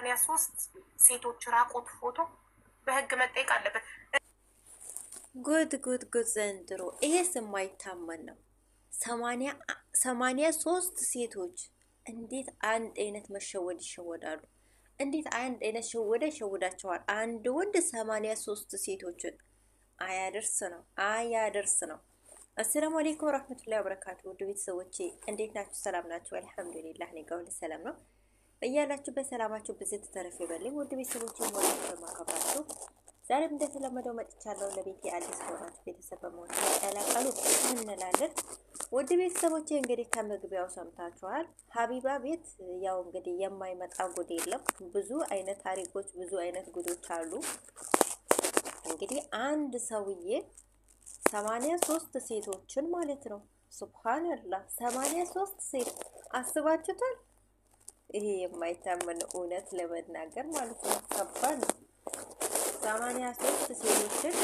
ሰማንያ ሶስት ሴቶች ራቆት ፎቶ በህግ መጠየቅ አለበት። ጉድ ጉድ ጉድ! ዘንድሮ ይሄስ የማይታመን ነው። ሰማንያ ሶስት ሴቶች እንዴት አንድ አይነት መሸወድ ይሸወዳሉ? እንዴት አንድ አይነት ሸወደ ይሸወዳቸዋል? አንድ ወንድ ሰማንያ ሶስት ሴቶችን አያደርስ ነው አያደርስ ነው። አሰላሙ አሌይኩም ረህመቱላሂ ወበረካቱ። ውድ ቤተሰቦቼ እንዴት ናችሁ? ሰላም ናችሁ? አልሐምዱሊላህ እኔ ጋር ሁሉ ሰላም ነው። እያላችሁ በሰላማችሁ ብዝት ተረፍ ይበልኝ። ውድ ቤተሰቦች ሞላ በማከባቸው ዛሬም እንደተለመደው መጥቻለሁ። ለቤት የአዲስ ከሆናችሁ ቤተሰብ በመሆን ተቀላቀሉ እንላለን። ውድ ቤተሰቦች እንግዲህ ከመግቢያው ሰምታችኋል። ሀቢባ ቤት ያው እንግዲህ የማይመጣ ጉድ የለም። ብዙ አይነት ታሪኮች፣ ብዙ አይነት ጉዶች አሉ። እንግዲህ አንድ ሰውዬ ሰማንያ ሶስት ሴቶችን ማለት ነው። ሱብሃንአላህ ሰማንያ ሶስት ሴት አስባችሁታል? ይሄ የማይታመን እውነት ለመናገር ማለት ነው። ከባድ ነው። ሰማንያ ሶስት ሴቶችን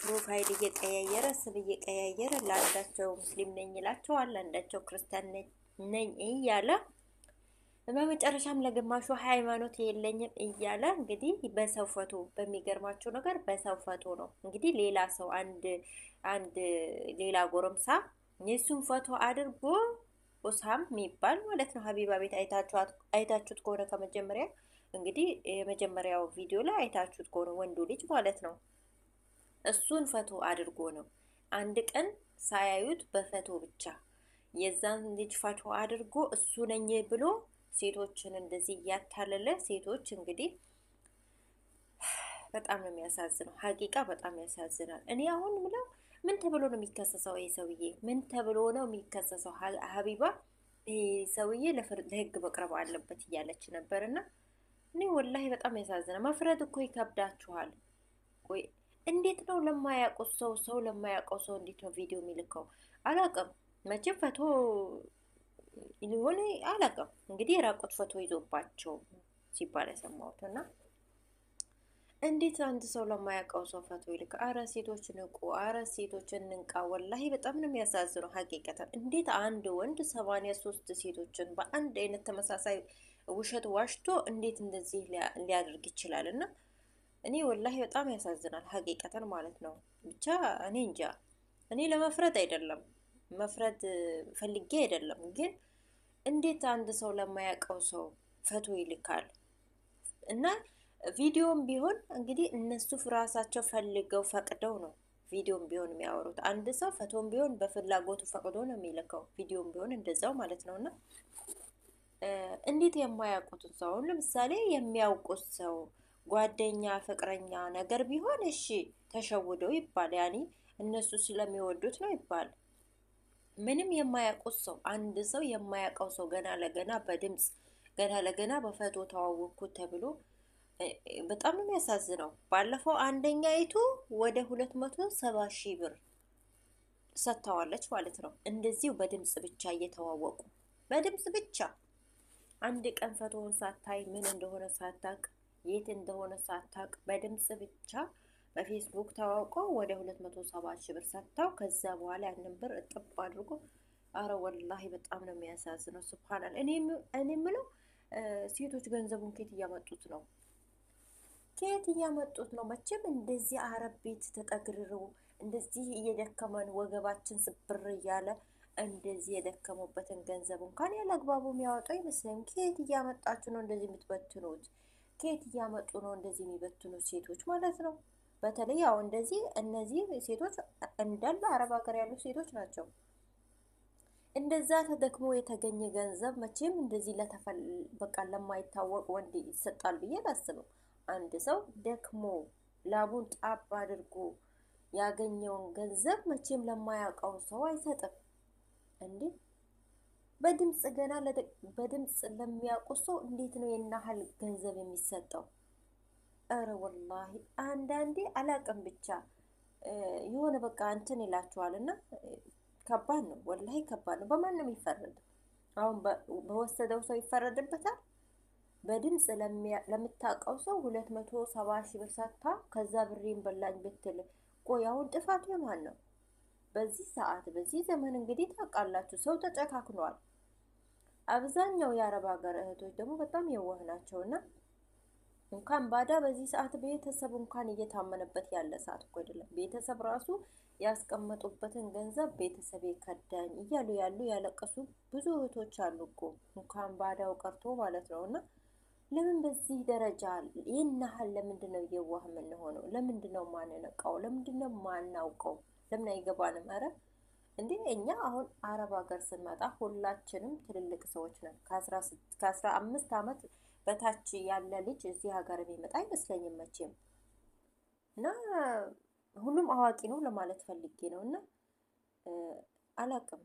ፕሮፋይል እየቀያየረ ስም እየቀያየረ ለአንዳቸው ሙስሊም ነኝ ይላቸዋል፣ አንዳቸው ክርስቲያን ነኝ እያለ በመጨረሻም ለግማሹ ሃይማኖት የለኝም እያለ እንግዲህ በሰው ፈቶ በሚገርማቸው ነገር በሰው ፈቶ ነው እንግዲህ ሌላ ሰው አንድ አንድ ሌላ ጎረምሳ የሱን ፈቶ አድርጎ ኡሳም የሚባል ማለት ነው። ሀቢባ ቤት አይታችሁት ከሆነ ከመጀመሪያ እንግዲህ የመጀመሪያው ቪዲዮ ላይ አይታችሁት ከሆነ ወንዱ ልጅ ማለት ነው እሱን ፈቶ አድርጎ ነው አንድ ቀን ሳያዩት በፈቶ ብቻ የዛን ልጅ ፈቶ አድርጎ እሱ ነኝ ብሎ ሴቶችን እንደዚህ እያታለለ ሴቶች እንግዲህ በጣም ነው የሚያሳዝነው። ሀቂቃ በጣም ያሳዝናል። እኔ አሁን ምለው ምን ተብሎ ነው የሚከሰሰው? ይህ ሰውዬ ምን ተብሎ ነው የሚከሰሰው? ሀቢባ ይህ ሰውዬ ለህግ መቅረብ አለበት እያለች ነበር። እና እኔ ወላሂ በጣም ያሳዝናል። መፍረድ እኮ ይከብዳችኋል። ቆይ እንዴት ነው ለማያውቀው ሰው ሰው ለማያውቀው ሰው እንዴት ነው ቪዲዮ የሚልከው? አላውቅም መቼም ፈቶ ሊሆን አላውቅም። እንግዲህ የራቆት ፈቶ ይዞባቸው ሲባል የሰማሁት እና እንዴት አንድ ሰው ለማያውቀው ሰው ፈቶ ይልክ? አረ ሴቶች ንቁ፣ አረ ሴቶች እንንቃ። ወላሂ በጣም ነው የሚያሳዝነው። ሀቂቀተን እንዴት አንድ ወንድ ሰማንያ ሶስት ሴቶችን በአንድ አይነት ተመሳሳይ ውሸት ዋሽቶ እንዴት እንደዚህ ሊያደርግ ይችላል? እና እኔ ወላሂ በጣም ያሳዝናል። ሀቂቀተን ማለት ነው። ብቻ እኔ እንጃ። እኔ ለመፍረድ አይደለም መፍረድ ፈልጌ አይደለም፣ ግን እንዴት አንድ ሰው ለማያውቀው ሰው ፈቶ ይልካል እና ቪዲዮም ቢሆን እንግዲህ እነሱ ራሳቸው ፈልገው ፈቅደው ነው ቪዲዮም ቢሆን የሚያወሩት። አንድ ሰው ፈቶም ቢሆን በፍላጎቱ ፈቅዶ ነው የሚልከው። ቪዲዮም ቢሆን እንደዛው ማለት ነው። እና እንዴት የማያውቁትን ሰው አሁን ለምሳሌ የሚያውቁት ሰው ጓደኛ፣ ፍቅረኛ ነገር ቢሆን እሺ ተሸውደው ይባል፣ ያኔ እነሱ ስለሚወዱት ነው ይባል። ምንም የማያውቁት ሰው አንድ ሰው የማያውቀው ሰው ገና ለገና በድምፅ ገና ለገና በፈቶ ተዋወቅኩት ተብሎ በጣም ነው የሚያሳዝነው። ባለፈው አንደኛ ይቱ ወደ ሁለት መቶ ሰባ ሺህ ብር ሰጥተዋለች ማለት ነው። እንደዚሁ በድምፅ ብቻ እየተዋወቁ በድምፅ ብቻ አንድ ቀን ፈቶውን ሳታይ ምን እንደሆነ ሳታቅ የት እንደሆነ ሳታቅ በድምፅ ብቻ በፌስቡክ ተዋውቀው ወደ ሁለት መቶ ሰባ ሺህ ብር ሰጥተው ከዛ በኋላ ያንን ብር እጥብ አድርጎ አረ ወላሂ በጣም ነው የሚያሳዝነው። ስብሓናል እኔ የምለው ሴቶች ገንዘቡን ኬት እያመጡት ነው? ከየት እያመጡት ነው? መቼም እንደዚህ አረብ ቤት ተጠግርረው እንደዚህ እየደከመን ወገባችን ስብር እያለ እንደዚህ የደከሙበትን ገንዘብ እንኳን ያለ አግባቡ የሚያወጡ አይመስለኝም። ከየት እያመጣችሁ ነው እንደዚህ የምትበትኑት? ከየት እያመጡ ነው እንደዚህ የሚበትኑት ሴቶች ማለት ነው። በተለይ ያው እንደዚህ እነዚህ ሴቶች እንዳለ አረብ ሀገር ያሉ ሴቶች ናቸው። እንደዛ ተደክሞ የተገኘ ገንዘብ መቼም እንደዚህ ለተፈል በቃ ለማይታወቅ ወንድ ይሰጣል ብዬ አላስብም። አንድ ሰው ደክሞ ላቡን ጣብ አድርጎ ያገኘውን ገንዘብ መቼም ለማያውቀው ሰው አይሰጥም። እንዴ በድምፅ ገና በድምፅ ለሚያውቁ ሰው እንዴት ነው የናህል ገንዘብ የሚሰጠው? እረ ወላሂ አንዳንዴ አላቅም ብቻ የሆነ በቃ እንትን ይላችኋል እና ከባድ ነው፣ ወላሂ ከባድ ነው። በማንም ይፈረድ አሁን በወሰደው ሰው ይፈረድበታል በድምፅ ለምታውቀው ሰው ሁለት መቶ ሰባ ሺ ብር ሰጥታ ከዛ ብሬን በላኝ ብትል ቆይ አሁን ጥፋት የማን ነው? በዚህ ሰዓት በዚህ ዘመን እንግዲህ ታውቃላችሁ ሰው ተጨካክኗል። አብዛኛው የአረብ ሀገር እህቶች ደግሞ በጣም የዋህ ናቸው እና እንኳን ባዳ በዚህ ሰዓት ቤተሰብ እንኳን እየታመነበት ያለ ሰዓት እኮ አይደለም። ቤተሰብ ራሱ ያስቀመጡበትን ገንዘብ ቤተሰብ ከዳኝ እያሉ ያሉ ያለቀሱ ብዙ እህቶች አሉ እኮ እንኳን ባዳው ቀርቶ ማለት ነው እና ለምን በዚህ ደረጃ ይህን ያህል ለምንድን ነው የዋህ የምንሆነው? ለምንድን ነው ማንነቃው? ለምንድን ነው ማናውቀው? ለምን አይገባንም? ኧረ እንዴ እኛ አሁን አረብ ሀገር ስንመጣ ሁላችንም ትልልቅ ሰዎች ነን። ከአስራ አምስት ዓመት በታች ያለ ልጅ እዚህ ሀገር የሚመጣ አይመስለኝም መቼም እና ሁሉም አዋቂ ነው ለማለት ፈልጌ ነው። እና አላቅም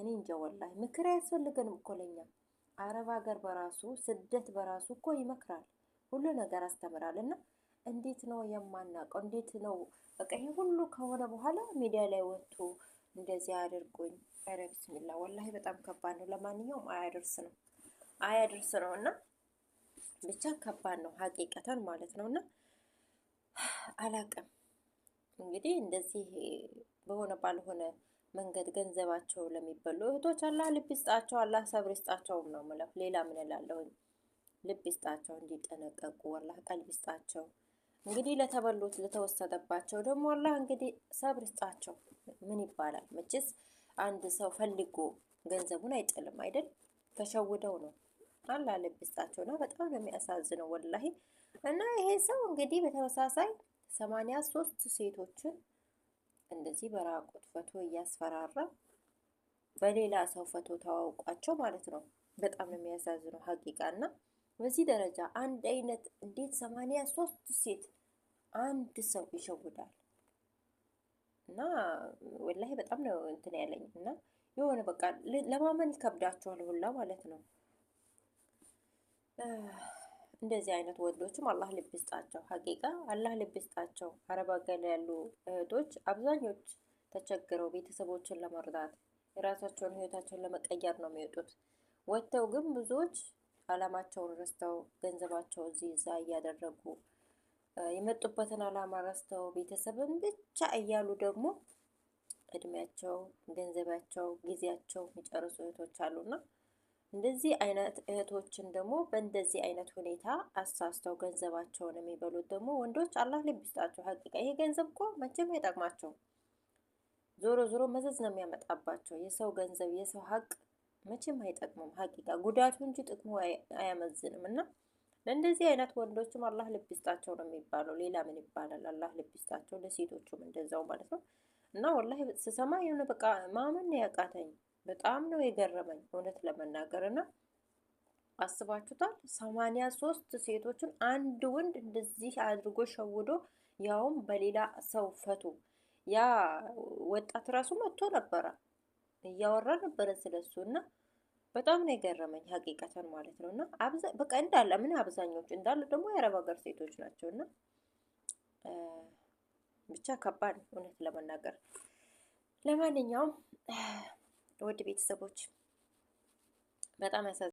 እኔ እንጃ ወላሂ ምክር አያስፈልገንም እኮ ለኛ አረብ ሀገር በራሱ ስደት በራሱ እኮ ይመክራል፣ ሁሉ ነገር አስተምራል። እና እንዴት ነው የማናውቀው? እንዴት ነው በቃ ይሄ ሁሉ ከሆነ በኋላ ሚዲያ ላይ ወጥቶ እንደዚህ አድርጎኝ። ኧረ ብስሚላ ወላሂ በጣም ከባድ ነው። ለማንኛውም አያደርስ ነው አያደርስ ነው እና ብቻ ከባድ ነው ሀቂቀተን ማለት ነው እና አላቅም እንግዲህ እንደዚህ በሆነ ባልሆነ መንገድ ገንዘባቸው ለሚበሉ እህቶች አላህ ልብ ይስጣቸው፣ አላህ ሰብር ይስጣቸውም ነው ምለው። ሌላ ምን እላለሁኝ? ልብ ይስጣቸው፣ እንዲጠነቀቁ አላህ ቀልብ ይስጣቸው። እንግዲህ ለተበሉት ለተወሰደባቸው ደግሞ አላህ እንግዲህ ሰብር ይስጣቸው። ምን ይባላል መቼስ አንድ ሰው ፈልጎ ገንዘቡን አይጥልም አይደል? ተሸውደው ነው። አላህ ልብ ይስጣቸው እና በጣም ነው የሚያሳዝነው ወላሂ። እና ይሄ ሰው እንግዲህ በተመሳሳይ ሰማንያ ሶስት ሴቶችን እንደዚህ በራቁት ፎቶ እያስፈራራ በሌላ ሰው ፎቶ ተዋውቋቸው ማለት ነው። በጣም ነው የሚያሳዝነው ሀቂቃ እና በዚህ ደረጃ አንድ አይነት እንዴት ሰማንያ ሶስት ሴት አንድ ሰው ይሸውዳል። እና ወላሂ በጣም ነው እንትን ያለኝ እና የሆነ በቃ ለማመን ይከብዳችኋል ሁላ ማለት ነው። እንደዚህ አይነት ወንዶችም አላህ ልብ ይስጣቸው። ሀቂቃ አላህ ልብ ይስጣቸው። አረብ ሀገር ያሉ እህቶች አብዛኞች ተቸግረው ቤተሰቦችን ለመርዳት የራሳቸውን ህይወታቸውን ለመቀየር ነው የሚወጡት። ወጥተው ግን ብዙዎች አላማቸውን ረስተው ገንዘባቸው እዚህ እዛ እያደረጉ የመጡበትን አላማ ረስተው ቤተሰብን ብቻ እያሉ ደግሞ እድሜያቸው፣ ገንዘባቸው፣ ጊዜያቸው የሚጨርሱ እህቶች አሉና እንደዚህ አይነት እህቶችን ደግሞ በእንደዚህ አይነት ሁኔታ አሳስተው ገንዘባቸውን የሚበሉት ደግሞ ወንዶች አላህ ልብ ይስጣቸው። ሀቂቃ ይሄ ገንዘብ እኮ መቼም አይጠቅማቸው። ዞሮ ዞሮ መዘዝ ነው የሚያመጣባቸው። የሰው ገንዘብ የሰው ሀቅ መቼም አይጠቅሙም። ሀቂቃ ጉዳቱ እንጂ ጥቅሙ አያመዝንም። እና ለእንደዚህ አይነት ወንዶችም አላህ ልብ ይስጣቸው ነው የሚባለው። ሌላ ምን ይባላል? አላህ ልብ ይስጣቸው። ለሴቶቹም እንደዛው ማለት ነው። እና ወላሂ ስሰማ የሆነ በቃ ማመን ያቃተኝ በጣም ነው የገረመኝ እውነት ለመናገር እና አስባችሁታል። ሰማንያ ሶስት ሴቶችን አንድ ወንድ እንደዚህ አድርጎ ሸውዶ ያውም በሌላ ሰው ፈቶ ያ ወጣት ራሱ መጥቶ ነበረ እያወራ ነበረ ስለሱ እና በጣም ነው የገረመኝ ሀቂቀተን ማለት ነው እና በቃ እንዳለ ምን አብዛኞቹ እንዳለ ደግሞ የአረብ ሀገር ሴቶች ናቸው እና ብቻ ከባድ እውነት ለመናገር ለማንኛውም ውድ ቤተሰቦች በጣም ያሳዝ